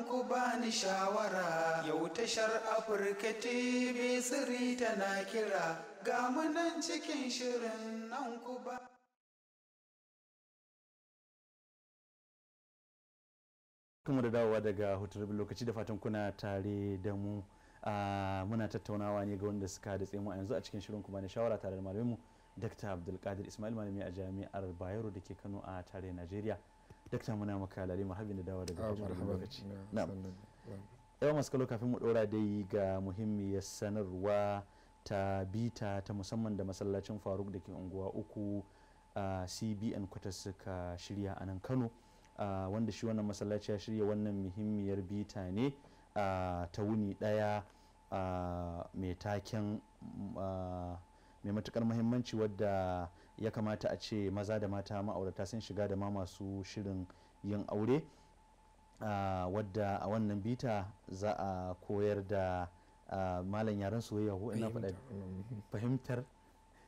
ku bani shawara yau tashar afirka tv siri tana kira ga nan cikin shirin nan ku ba kuma da dawowa daga hutar lokaci da fatan kuna tare da mu ah, muna tattaunawa ne ga wanda suka da mu a yanzu a cikin shirin kuma na shawara tare da malamin mu dr abdulkadir ismail malami a jami'ar bayero da ke kano a tare najeriya dakta muna maka lalai marhabin da dawa daga kashin lokaci yawan masu kalo kafin mu dora dai ga muhimmiyar sanarwa ta bita ta musamman da masallacin faruk da ke unguwa uku a cbn kwata suka shirya a nan kano wanda shi wannan masallaci ya shirya wannan muhimmiyar bita ne ta wuni ɗaya mai taken mai matukar muhimmanci wadda ya kamata a ce maza da mata ma'aurata sun shiga da ma masu shirin yin aure wadda a wannan bita za a koyar da malam yaren soyayya ko ina faɗa fahimtar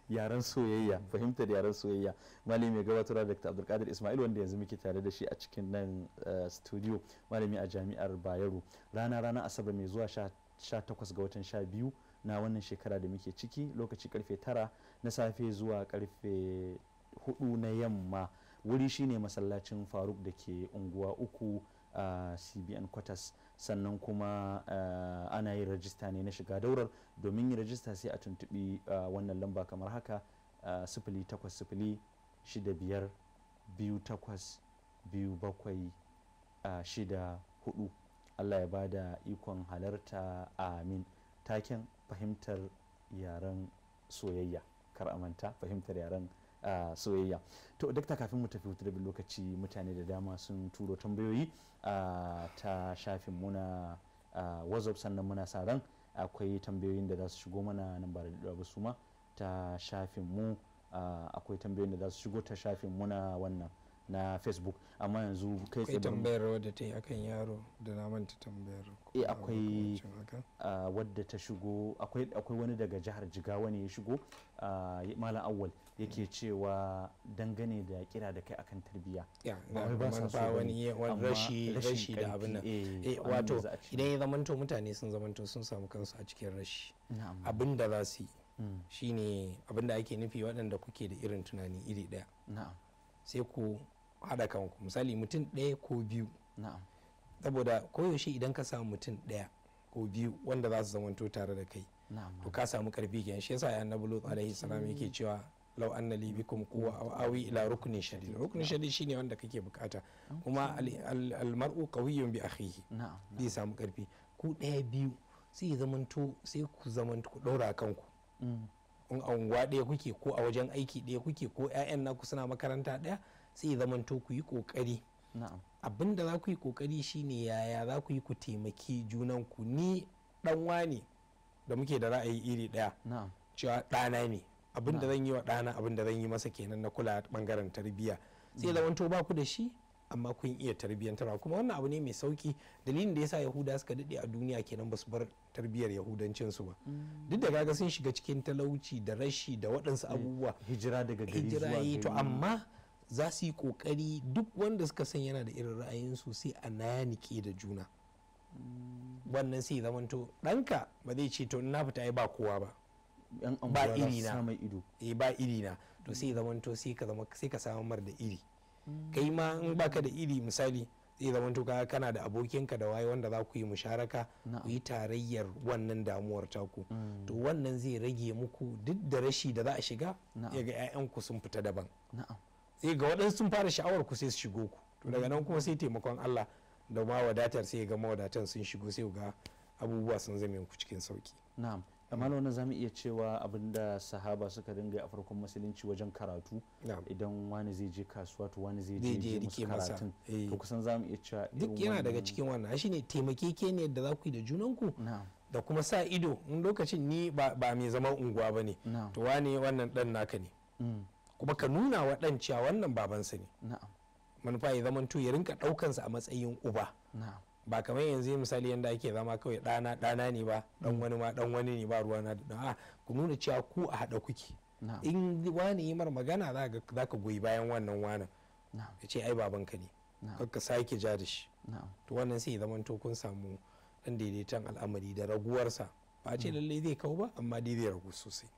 yaren soyayya fahimtar yaren soyayya malami mai gabatarwa dr abdulkadir ismail wanda yanzu muke tare da shi a cikin nan studio malami a jami'ar bayero rana rana asabar mai zuwa 18 ga watan 12 na wannan shekara da muke ciki lokaci karfe tara. na safe zuwa karfe hudu na yamma wuri shine masallacin faruk da ke unguwa uku a cbn quarters sannan kuma ana yin rajista ne na shiga daurar domin yin rajista sai a tuntubi wannan lamba kamar haka sifili takwas sifili shida biyar biyu takwas biyu bakwai shida hudu allah ya bada ikon halarta amin taken fahimtar yaren soyayya kar a manta fahimtar yaren soyayya to dakta kafin mu tafi hutu da lokaci mutane da dama sun turo tambayoyi ta shafin muna whatsapp sannan muna sa ran akwai tambayoyin da za su shigo mana nan ba da su ma ta shafin mu akwai tambayoyin da za su shigo ta shafin muna wannan na facebook amma yanzu kai tsaye tambayar wadda ta yi akan yaro da na manta tambayar e akwai wadda ta shigo akwai wani daga jihar jigawa ne ya shigo malam awwal yake mm. cewa dangane da kira da kai akan tarbiya ba su ba wani rashi rashi da abin nan eh, eh, wato idan ya zamanto mutane sun zamanto sun samu kansu a cikin rashi abin da za su yi mm. shine abin da ake nufi waɗanda kuke da irin tunani iri ɗaya sai ku haɗa kanku misali mutum ɗaya ko biyu saboda koyaushe idan ka samu mutum ɗaya ko biyu wanda za su zamanto tare da kai to ka samu karfi kenan shi yasa annabi nabulu alaihi salam mm. yake cewa law anna li bikum quwwa aw awi ila ruknin shadid ruknin shadid shine wanda kake bukata kuma al mar'u qawiyyun bi akhihi zai samu karfi ku ɗaya biyu sai zamanto sai ku zamanto ku daura kanku mm. in a unguwa ɗaya kuke ko a wajen aiki ɗaya kuke ko 'ya'yan naku suna makaranta ɗaya sai zaman to ku yi kokari abin da za ku yi kokari shine yaya za ku yi ku taimaki junan ku ni dan wani da muke da ra'ayi iri daya cewa ɗana ne abin da zan yi wa ɗana abin da zan yi masa kenan na kula bangaren tarbiyya sai zaman to ba ku da shi amma kun iya tarbiyyantarwa kuma wannan abu ne mai sauki dalilin da yasa yahuda suka daɗe a duniya kenan ba su bar tarbiyyar yahudancin su ba mm. duk da kaga sun shiga cikin talauci da rashi da waɗansu mm. abubuwa hijira daga gari zuwa to amma za su yi kokari duk wanda suka san yana da irin ra'ayinsu sai a nayanike da juna wannan sai zamanto ɗanka ba zai ce to na fita ba kowa ba ba iri eh ba iri to sai zamanto sai ka zama sai ka samar da iri kai ma in baka da iri misali zai zamanto ka kana da abokinka da waye wanda za ku yi musharaka ku yi tarayyar wannan damuwar taku mm. to wannan zai rage muku duk da rashi da za a shiga ya ga 'ya'yanku sun fita daban na'am sai eh, ga waɗansu sun fara sha'awar ku sai su shigo ku to daga nan kuma sai taimakon Allah da ma wadatar sai ga mawadatan sun shigo sai ga abubuwa sun zame ku cikin sauki na'am amma wannan zamu iya cewa abinda sahaba suka dinga a farkon musulunci wajen karatu idan wani zai je kasuwa to wani zai je musu karatun eh. to kusan zamu iya cewa duk yana daga cikin wannan shine taimakekeniyar da za ku yi da junanku da kuma sa ido in lokacin ni ba mai zama unguwa bane to wani wannan dan naka ne mm. kuma ka nuna wa ɗan cewa wannan babansa ne manufa ya zama ya rinka ɗaukansa a matsayin uba ba kamar yanzu misali yadda ake zama kawai ɗana ɗana ne ba ɗan mm. wani ma ɗan wani ne ba ruwa na da ɗan ku nuna cewa ku a haɗa kuke in wani yi mar magana za ka goyi bayan wannan wanan ya ce ai babanka ne ka sake ja da shi to wannan sai ya zama to kun samu ɗan daidaiton al'amari da raguwarsa ba a ce mm. lallai zai kawo ba amma dai zai ragu sosai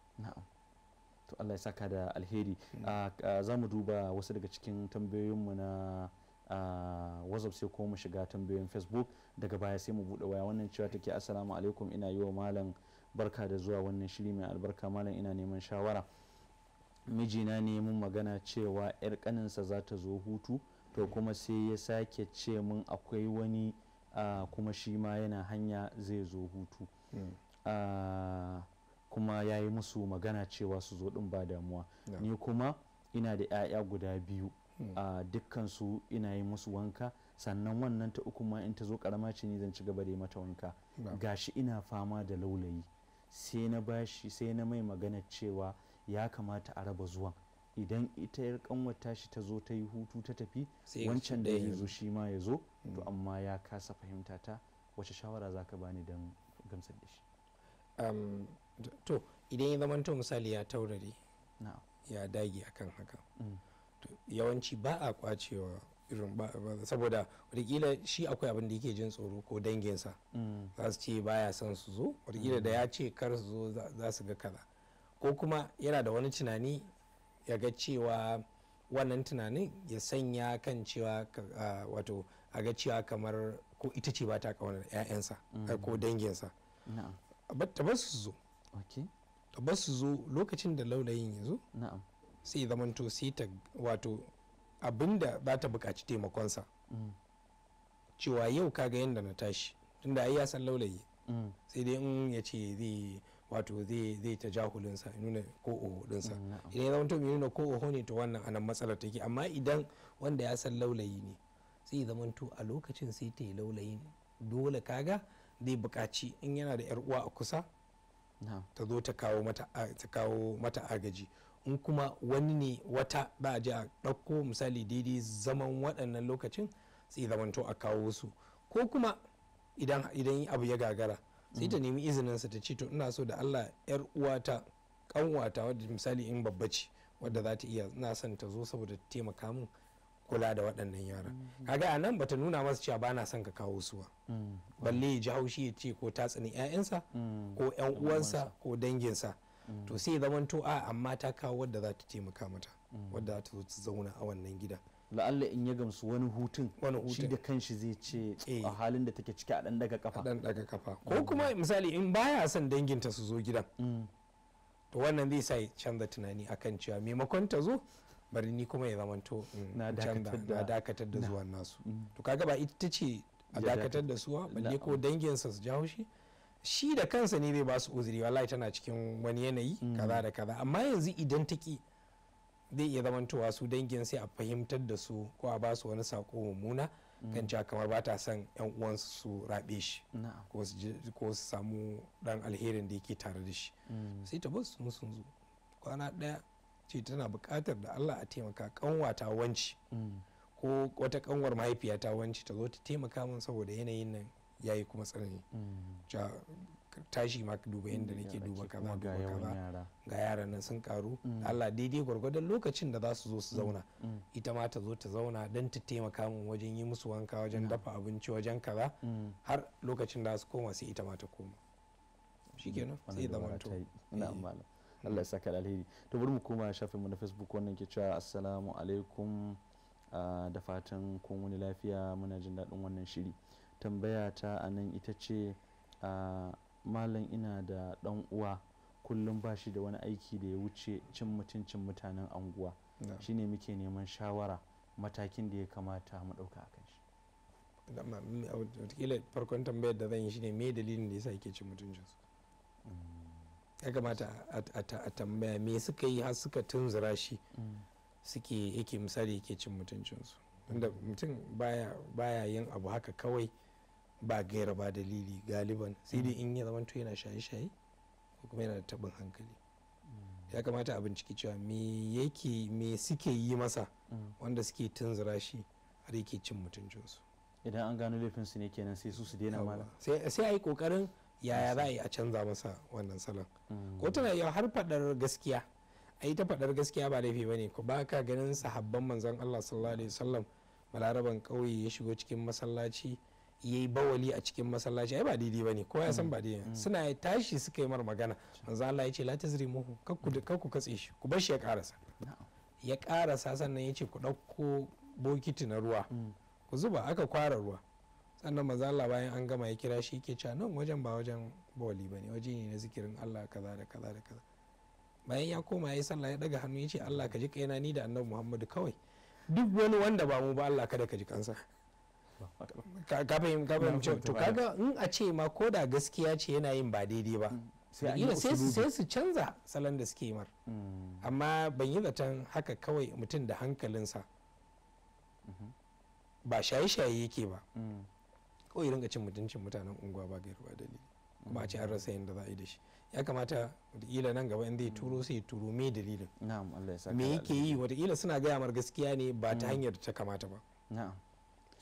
to Allah ya saka da alheri ah, ah, za mu duba wasu daga cikin tambayoyinmu na ah, wazab sai ko mu shiga tambayoyin facebook daga baya sai mu bude waya wannan cewa take assalamu alaikum ina yi wa malam barka da zuwa wannan shiri mai albarka malam ina neman shawara mijina ne mun magana cewa yar kaninsa za ta zo hutu to kuma sai ya sake ce mun akwai wani kuma shi ma yana hanya zai zo hutu hmm. kuma ya yi musu magana cewa su zo ɗin ba damuwa ni kuma ina da 'ya'ya guda biyu hmm. a dukkansu ina yi musu wanka sannan wannan ta uku ma in ta zo karama ce ni zan ci gaba da yi mata wanka gashi ina fama da laulayi sai na bashi sai na mai magana cewa ya kamata a raba zuwan idan ita yar kanwar shi ta zo ta yi hutu ta tafi wancan da ya zo shi ma ya zo hmm. to amma ya kasa fahimta ta wace shawara zaka bani don gamsar da shi um, to idan ya zamanta misali ya taurare ya dage akan haka mm. yawanci ba a kwacewa irin saboda wadakila shi akwai abinda yake jin tsoro ko danginsa mm. za su ce baya son su zo wadakila da mm. ya ce kar su zo za su ga kaza ko kuma yana da wani tunani ya ga cewa wannan tunanin ya sanya kan cewa wato a ga cewa kamar ko ita ce ba ta kaunar 'ya'yansa ko danginsa ba ta su zo ba su zo lokacin da laulayin ya zo sai zamanto sai ta wato abinda za ta bukaci taimakonsa mm. cewa yau kaga yadda na tashi tunda ai ya san laulayi mm. sai dai in ya ce zai wato zai ta jahulinsa nuna ko oho dinsa mm, idan ya zamanta mai nuna ko oho ne to wannan anan matsalar take amma idan wanda ya san laulayi ne sai zamanto a lokacin sai ta yi laulayin dole kaga zai bukaci in yana da yar uwa a kusa ta zo ta kawo mata agaji in kuma wani ne wata ba a je a ɗauko misali daidai zaman waɗannan lokacin sai zamanto a kawo su ko kuma idan abu ya gagara sai ta mm. nemi izinin sa ta ce to ina so da Allah yar uwata kanwata wadda misali in babba ce wadda za ta iya na son ta zo saboda ta taimaka min kula da waɗannan yaran kaga a nan bata nuna masa cewa bana son ka kawo su ba balle ya ji haushi ya ce ko tatsinin ƴaƴansa ko ƴan uwansa ko danginsa to sai to a amma ta kawo wadda za ta taimaka mata wadda za ta zo ta zauna a wannan gida la'alla in ya gamsu wani hutun shi da kanshi zai ce eh. a halin da take ciki a dan daga kafa dan daga kafa ko kuma misali in baya son danginta su zo gidan mm. to wannan zai sa canza tunani akan cewa maimakon ta zo bari ni kuma ya zamanto na dakatar da zuwan nasu mm. to kaga ba ita ce a dakatar da suwa balle ko danginsa su jawo shi shi da kansa ne zai ba su uzuri wallahi tana cikin wani yanayi mm. kaza da kaza amma yanzu idan ta ki zai iya zamantowa su dangin sai a fahimtar da su ko a ba su wani sako mummuna mm. kan cewa kamar ba ta son yan uwansu su rabe shi ko su samu dan alherin da yake tare da shi sai ta bar su sun zo kwana daya ce tana bukatar da allah a taimaka kanwa ta wanci ko wata kanwar mahaifiyata wanci ta zo ta taimaka min saboda yanayin nan ya yi kuma tsanani tashi ma duba yadda mm. nake duba kaza duba kaza ga yaran nan sun karu mm. Allah daidai gwargwadon lokacin da za su zo su mm. zauna ita ma ta zo ta zauna don ta taimaka min wajen yi musu wanka wajen dafa abinci wajen kaza har lokacin da su koma sai ita ma ta koma shikenan sai zamanto Allah ya saka alheri to bari mu koma shafin mu na facebook wannan ke cewa assalamu alaikum ah, da fatan kun wani lafiya muna jin daɗin wannan shiri tambaya ta a nan ita ce ah, malam ina da ɗan uwa kullum ba shi da wani aiki da ya wuce cin mutuncin mutanen anguwa shine muke neman shawara matakin da ya kamata mu ɗauka a kan shi wataƙila farkon tambayar da zan yi shine me dalilin da yasa yake cin mutuncinsu ya kamata a tambaya me suka yi har suka tunzura shi suke yake misali yake cin mutuncinsu wanda mutum baya yin abu haka kawai ba gaira ba dalili galiban sai dai in ya to yana shaye-shaye ko kuma yana da tabin hankali ya kamata a binciki cewa me yake me suke yi masa wanda suke tunzura shi har yake cin mutuncinsu idan an gano laifinsu ne kenan sai su su daina mala sai a yi kokarin yaya za a yi a canza masa wannan salon ko tana iya har faɗar gaskiya a yi ta faɗar gaskiya ba laifi bane ko ba ka ganin sahabban manzon Allah sallallahu alaihi wasallam balaraban ƙauye ya shigo cikin masallaci ya yi bawali a cikin masallaci ai ba daidai bane ko ya san ba daidai mm, mm. suna tashi suka yi mar magana manzo Allah ya ce la tazrimuhu kar ku katse shi ku bar shi ya karasa ya karasa sannan ya ce ku ɗauko bokiti na ruwa mm. ku zuba aka kwara ruwa sannan manzo Allah bayan an gama ya kira shi yake cewa nan wajen ba wajen bawali bane waje ne na zikirin Allah kaza da kaza da kaza bayan ya koma ya sallah ya daga hannu ya ce Allah ka ji kaina ni da annabi Muhammadu kawai duk wani wanda ba mu ba Allah kada ka ji kansa ka fahimci to kaga in a ce ma ko da gaskiya ce yana yin ba daidai ba sai su canza salon da suke mar hmm. amma ban yi zaton haka kawai mutum da hankalinsa mhm. ba shaye-shaye yake ba hmm. kawai rinka cin mutuncin mutanen unguwa ba gairu ba dalili kuma a ce an rasa yadda za a yi da shi ya kamata wataƙila nan gaba in zai turo sai turo me dalilin me yake yi wataƙila suna gaya mar gaskiya ne ba ta mm. hanyar ta kamata ba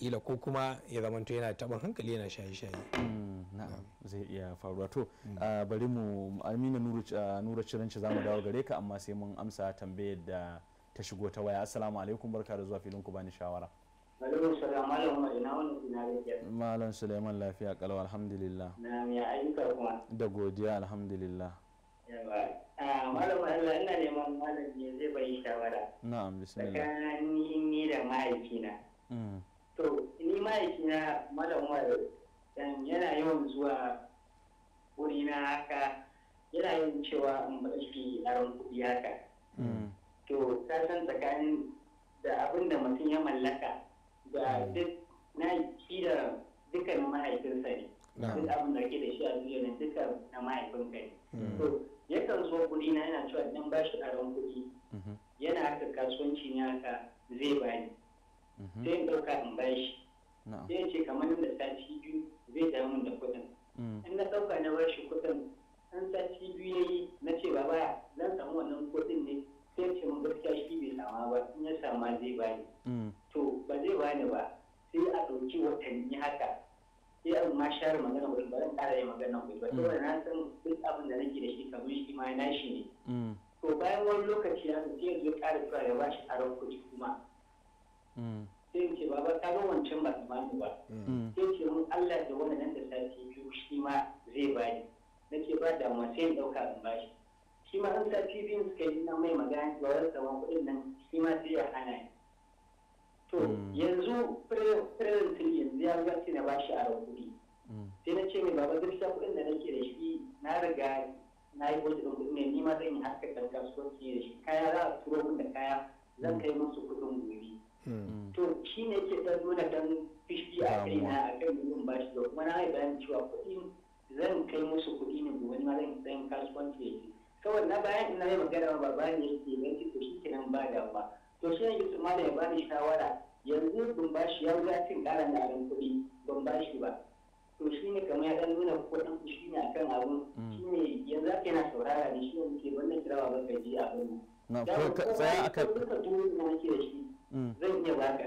ila ko kuma ya zamanto yana taɓa hankali yana shaye-shaye mm, na'am zai iya faruwa to mm. ah, bari mu amina nura ciranci za mu dawo gare ka amma sai mun amsa tambayar da ta shigo ta waya assalamu alaikum barka da zuwa filin ku bani shawara Malam Suleiman lafiya kalau alhamdulillah. Na ya ayyuka kuma. Da godiya alhamdulillah. Ah, malam Allah ina neman malam ne zai bai shawara. Na'am bismillah. Tsakanin ni da mahaifina. To ni mahaifina hmm. malam dan yana yawan zuwa na haka yana yin cewa in a aron kuɗi haka. To ka san tsakanin da abin da mutum ya mallaka Mm. duk na shi da dukkanin mahaifinsa ne duk abin da ke da shi a duniya ne duka na mahaifinka ne mm. to yakan zo kuɗi na yana cewa idan ba shi aron kuɗi mm-hmm. yana haka kasuwanci ne haka zai bani mm-hmm. sai in ɗauka in ba shi sai ce kamar da sati biyu zai damu da kuɗin mm. in na ɗauka na ba shi kuɗin an sati biyu ya yi na ce baya zan samu wannan kuɗin ne sai ce mun gaskiya shi bai sama ba in ya sama zai bani ni ba sai a ɗauki watanni haka sai an ma share magana wurin ba zan ƙara yin magana wurin ba saboda na san duk abin da nake da shi kamar shi ma na shi ne mm. to bayan wani lokaci ya sai yanzu ya ƙara zuwa ya ba shi aron kuɗi kuma mm. sai in ce baba ka ga wancan ba su ba mm. sai ce mun Allah da wani nan da sati biyu shi ma zai bani na ce ba damuwa sai in ɗauka in ba shi shi ma an sati biyu suka yi na mai magana ba wani kuɗin nan shi ma sai ya hana ni to mm. yanzu president yanzu ya gaske na bashi a kuɗi mm. sai na ce mai baba gaskiya kuɗin da nake da shi na riga na yi wajen kuɗi ne ni ma zan yi haka ɗan kasuwanci da shi kaya za a turo min da kaya zan kai musu kuɗin gobe mm. to shi ne ke ɗan nuna ɗan fishi a kai na a kan yin bashi da kuma na yi bayan cewa kuɗin zan kai musu kuɗi ne gobe ni ma zan yi ɗan kasuwanci da shi kawai na bayan ina yi magana ba ba ne yake yanki to shi kenan ba damuwa to shi ne yusuf da ya bani shawara yanzu ban ba shi ya cin ƙara na abin kuɗi ban ba shi ba to shi ne kamar ya ɗan nuna kuɗin shi ne akan abun mm. shi ne yanzu aka na saurara ne shi ne muke wannan kirawa ba kai ji abin na tsaya aka duka tuwo da nake da shi mm. zan iya baka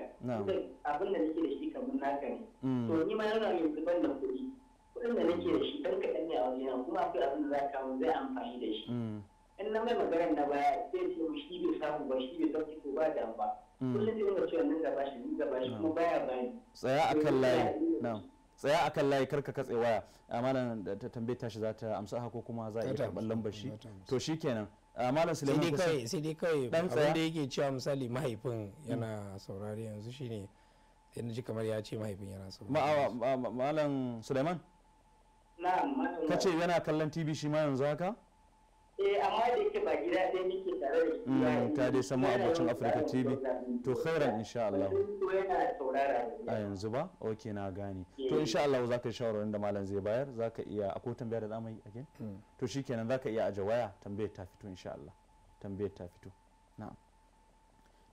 abin da nake da shi kamar naka ne mm. to ni ma yana yanzu ban da kuɗi kuɗin da nake da shi ɗan kaɗan ne a wajena kuma akwai abin da za ka zai amfani da shi in na mai magana na baya sai ce shi bai samu ba shi bai sauki ko ba da ba hmm. kullum zai ga cewa nan gaba shi nan gaba shi kuma baya bani tsaya akan layi na'am tsaya akan layi karka katse waya da ta tambaye tashi za ta amsa haka kuma za a iya karɓar lambar shi to shi kenan ah, malam suleiman kai sai dai kai dan tsaya da yake cewa misali mahaifin hmm. yana saurari yanzu shine yana ji kamar ya ce mahaifin yana saurari ah, ah, malam suleiman na'am kace yana kallon tv shi ma yanzu haka eh amma da yake ba gida ɗaya nake tare da shi mm, ta dai samu abocin afirka tv to khairan insha Allah a yanzu ba ok na gane eh. to insha Allah za ka shawarwarin da malam zai bayar za ka iya akwai tambayar da zamu yi again mm. to shikenan za ka iya aje waya tambayar ta fito insha Allah tambayar ta fito na'am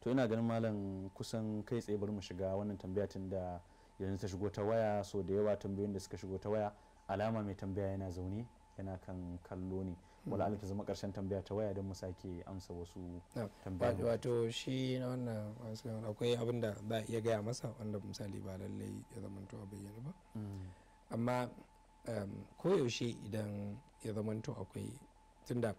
to ina ganin malam kusan kai tsaye bari mu shiga wannan tambaya tun da yanzu ta shigo ta waya so da yawa tambayoyin da suka shigo ta waya alama mai tambaya yana zaune yana kan kallo ne wala alifu zama karshen tambaya ta waya don mu sake amsa wasu tambaya wato shi na wannan akwai abin da za a iya gaya masa wanda misali ba lallai ya to a bayyana ba mm. amma um, koyaushe idan ya to akwai tunda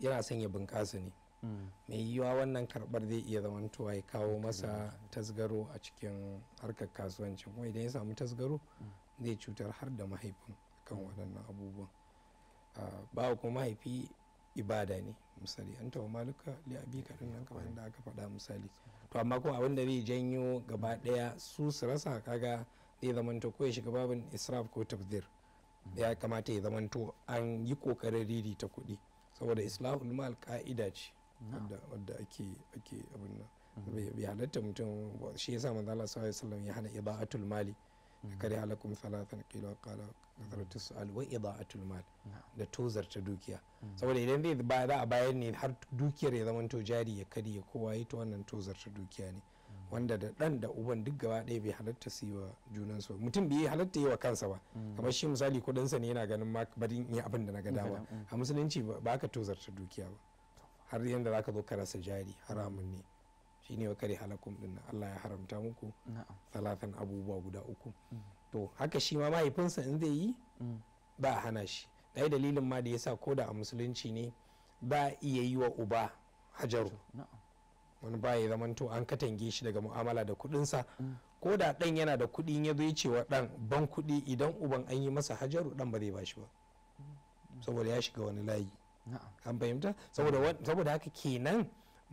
yana son ya bunƙasa ne mai mm. yiwuwa wannan karɓar zai iya to ya kawo mm. masa tasgaro a cikin harkar kasuwanci kuma idan ya samu tasgaro zai cutar har da mahaifin kan waɗannan abubuwan ba kuma mahaifi ibada ne misali an tawa maluka li abi din nan kamar da aka faɗa misali to amma kuma abin da zai janyo gaba ɗaya su su rasa kaga zai zamanto ko ya shiga babin israf ko tabzir ya kamata ya zamanto an yi kokarin riri ta kuɗi saboda islahul mal ka'ida ce wadda ake ake abin nan bai halatta mutum shi yasa manzo Allah sallallahu alaihi wasallam ya hana ibadatul mali kada halakum salasan qila su kasaratu su'al wa ida'atul mal da tozarta dukiya saboda idan zai ba za a bayar ne har dukiyar ya zama to jari ya kadi ya kowa yi ta wannan tozarta dukiya ne wanda da dan da uban duk gaba ɗaya bai halatta su yi wa junan su mutum bai halatta yi wa kansa ba kamar shi misali kudin sa ne yana ganin ma barin yi abin da na ga dama a musulunci ba ka tozarta dukiya ba har yanda zaka zo ka rasa jari haramun ne shine wa kare halakum din Allah ya haramta muku salatan abubuwa guda uku mm. to haka shi ma mahaifinsa in zai yi mm. ba a hana shi dai dalilin ma da yasa ko da a musulunci ne ba iya yi wa uba hajaru wani ba ya zamanto an katange shi daga mu'amala da kudinsa mm. ko da dan yana da kudi ya zo cewa dan ban kudi idan uban an yi masa hajaru dan ba zai ba shi ba saboda ya shiga wani layi an fahimta saboda haka kenan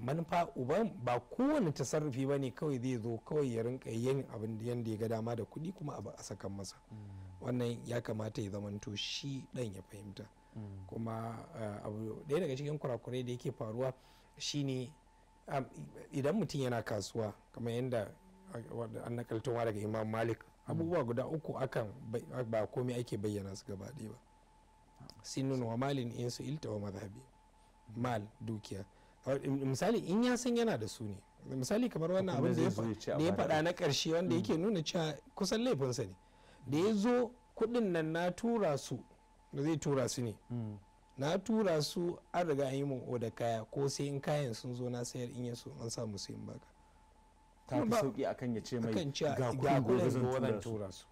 manufa uban ba kowane tasarrufi ba ne kawai zai zo kawai ya rinka yin abin da yadda ya ga dama da kuɗi kuma abu a sakan masa mm. wannan ya kamata ya zamanto shi ɗan ya fahimta mm. kuma abu ɗaya daga cikin kurakurai da yake faruwa shine idan mutum yana kasuwa kamar yadda an nakaltowa daga imam malik mm. abubuwa guda uku akan ba komai ake bayyana su gaba ɗaya ba sinun wa malin in su ilta wa mazhabi mal dukiya misali in ya san yana da su ne misali kamar wannan abin da ya faɗa na ƙarshe wanda yake mm. nuna cewa kusan laifinsa ne da ya zo kuɗin nan na tura su da zai tura su ne mm. na tura su an riga an yi min oda kaya ko sai in kayan sun zo na sayar in yaso an sa musu in baka ta fi sauki akan ya ce mai ga kuɗin gobe zan tura su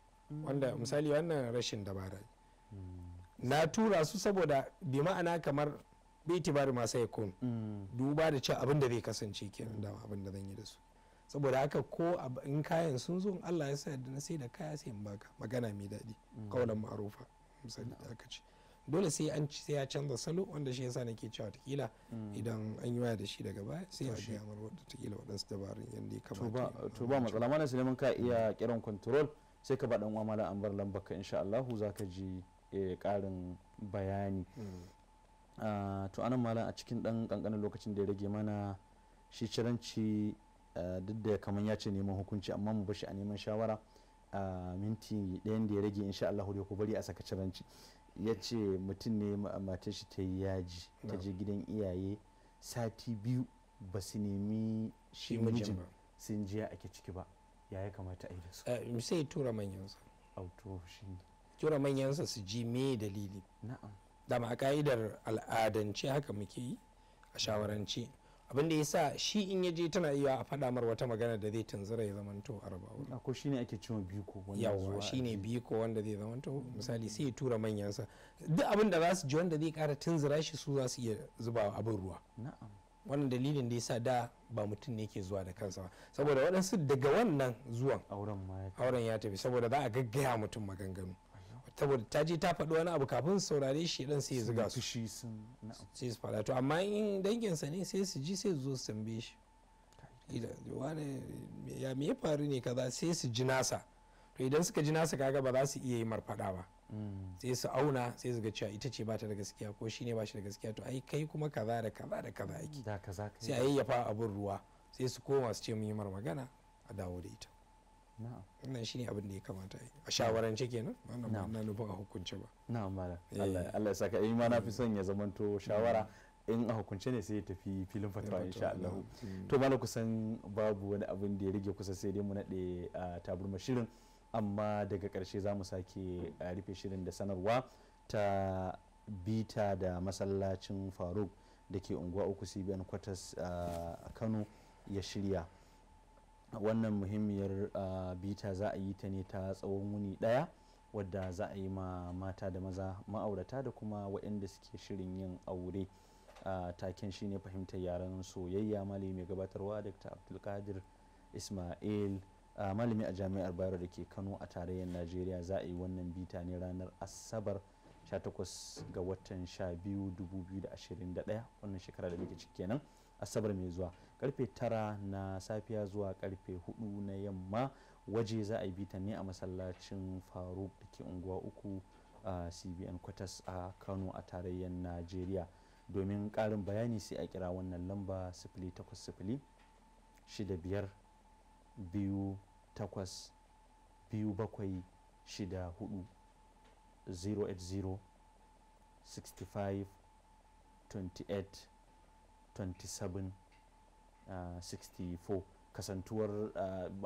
wanda misali wannan rashin dabara mm. na tura su saboda bi ma'ana kamar bi itibari masu sai kun mm. duba da cewa abin da bai kasance kenan da abin zan yi da su saboda haka ko in kayan sun zo Allah ya sa da na sai da kaya sai in baka magana mai daɗi mm. kaulan ma'arufa misali da aka ce dole sai an sai ya canza salo wanda shi yasa nake cewa takila mm. idan an yi waya da shi daga baya sai ya ga mar wadda takila wadansu dabarun yadda ya kamata to ba matsala mana Suleiman ka iya kiran control sai ka ba dan uwa mala an bar ka insha Allah za ka ji karin eh, bayani Ah, to anan malam a cikin dan kankanin lokacin da ya rage mana shi ciranci ah, duk da kamar ya ce neman hukunci amma mu bashi a neman shawara a ah, minti ɗayan da ya rage insha Allah ku bari a saka ciranci ya ce mutum ne matar shi ta yi yaji ta je gidan iyaye sati biyu ba su nemi shi mijin sun jiya ake ciki ba ya ya kamata a yi da su eh, sai tura manyansa tura manyansa su ji me dalili na'am dama ka'idar al'adance haka muke yi a shawarance abin da ya sa shi in ya je tana iya a faɗa mar wata magana da zai tanzura ya zama a raba ko shine ake cewa biko wanda yawa shine biko wanda zai to misali sai ya tura manyansa duk abin da za su ji wanda zai kara tanzura shi su za su iya zuba abin ruwa na'am wannan dalilin da yasa da ba mutum ne ke zuwa da kansa ba saboda waɗansu daga wannan zuwan auren ya tafi saboda za a gaggaya mutum maganganu saboda ta je ta faɗi wani abu kafin saurare shi dan sai ya zuga su sai su faɗa to amma in danginsa ne sai su ji sai su zo su tambaye shi wani ya me faru ne kaza sai su ji nasa to idan suka ji nasa kaga ba za su iya yi marfada ba mm. sai su auna sai su ga cewa ita ce bata da gaskiya ko shine ba shi da gaskiya to ai kai kuma kaza da kaza da kaza yake sai a yayyafa abin ruwa sai su koma su ce mu yi mar magana a dawo da ita wannan shine abin da ya kamata yi a shawarance kenan wannan na nufin a hukunce ba na'am malam eh. Allah ya saka eh, in ma na fi son ya zamanto mm. shawara in a hukunce ne sai ya tafi filin fatawa insha Allah mm. to mala kusan babu wani abin da ya rage kusa sai dai mu nade taburma shirin amma daga karshe za mu sake rufe shirin da sanarwa ta bita da masallacin faruk da ke unguwa uku cbn kwatas a kano ya shirya wannan muhimmiyar bita za a yi ta ne ta tsawon wuni ɗaya wadda za a yi ma mata da maza ma'aurata da kuma waɗanda suke shirin yin aure taken shine fahimtar yaren soyayya malami mai gabatarwa dr abdulkadir ismail malami a jami'ar bayero da ke kano a tarayyar najeriya za a yi wannan bita ne ranar asabar 18 ga watan 12 2021 wannan shekara da muke ciki kenan asabar mai zuwa karfe tara na safiya zuwa karfe hudu na yamma waje za a yi bita ne a masallacin faruk da ke unguwa uku a cbn quarters a kano a tarayyar najeriya domin karin bayani sai a kira wannan lamba 0800 65 biyu takwas biyu bakwai shida hudu 080 65 28 2764 uh, kasantuwar uh,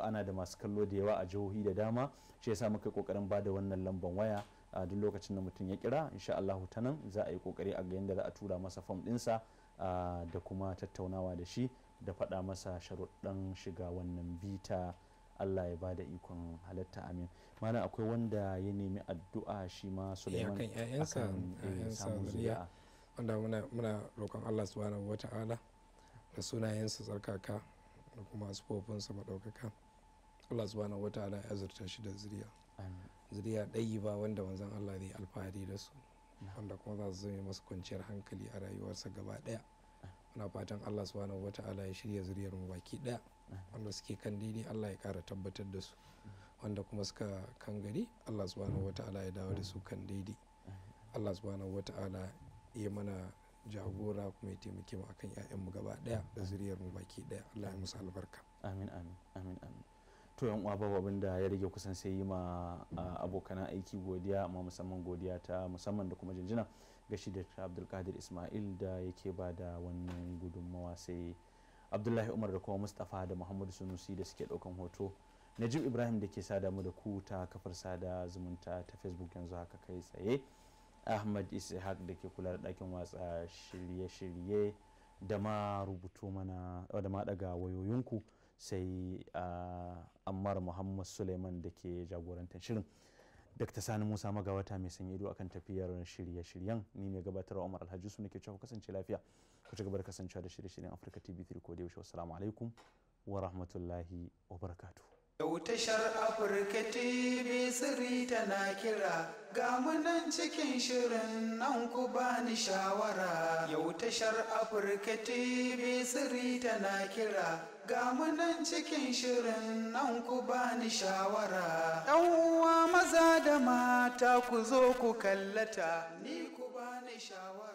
ana da masu kallo da yawa a jihohi da dama shi yasa muka kokarin bada wannan lamban waya a duk lokacin da mutum ya kira insha Allahu ta za a yi kokari a ga yadda za a tura masa fam dinsa da kuma tattaunawa da shi da faɗa masa sharuɗan shiga wannan bita Allah ya bada ikon halatta amin mana akwai wanda ya nemi addu'a shi ma Suleiman akan eh, samu zuri'a wanda muna roƙon allah subhanahu wa ta'ala da sunayensa tsarkaka da kuma sufofinsa maɗaukaka allah subhanahu wa ta'ala ya zarta shi da zuriya zuriya ɗayi ba wanda wanzan allah zai alfahari da su wanda kuma za su zama masu kwanciyar hankali a rayuwarsa gaba ɗaya muna fatan allah subhanahu wa ta'ala ya shirya zuriyar mu baki ɗaya wanda suke kan daidai allah ya ƙara tabbatar da su wanda kuma suka kan gari allah subhanahu wa ta'ala ya dawo da su kan daidai allah subhanahu wa ta'ala ya mana jagora kuma ya taimake mu akan mu gaba ɗaya da zuriyarmu baki ɗaya. Allah ya musu albarka amin amin amin amin to yan uwa babu ya rage kusan sai yi ma abokan aiki godiya amma musamman godiya ta musamman da kuma jinjina ga shi da Abdulkadir Ismail da yake ba da wannan gudunmawa sai Abdullahi Umar da kuma Mustafa da Muhammadu Sunusi da suke ɗaukan hoto Najib Ibrahim da ke sada mu da ku ta kafar sada zumunta ta Facebook yanzu haka kai tsaye ahmad ishaq da ke kula da ɗakin watsa shirye-shirye da ma rubuto mana eh, da ma daga wayoyinku sai ah, ammar muhammad suleiman da ke jagorantar shirin dr sani musa magawata mai sanya ido akan tafiyar shirye-shiryen ni mai gabatar umar alhaji su ke cewa kasance lafiya ku ci gaba da kasancewa da shirye-shiryen afirka tv 3 ko da alaikum wa rahmatullahi wa barakatuh Yau tashar Afirka TV sirri tana kira ga munan cikin shirin nan ku bani shawara. Yau tashar Afirka TV sirri tana kira ga munan cikin shirin nan ku bani shawara. Ɗan maza da mata ku zo ku kallata ni ku bani shawara.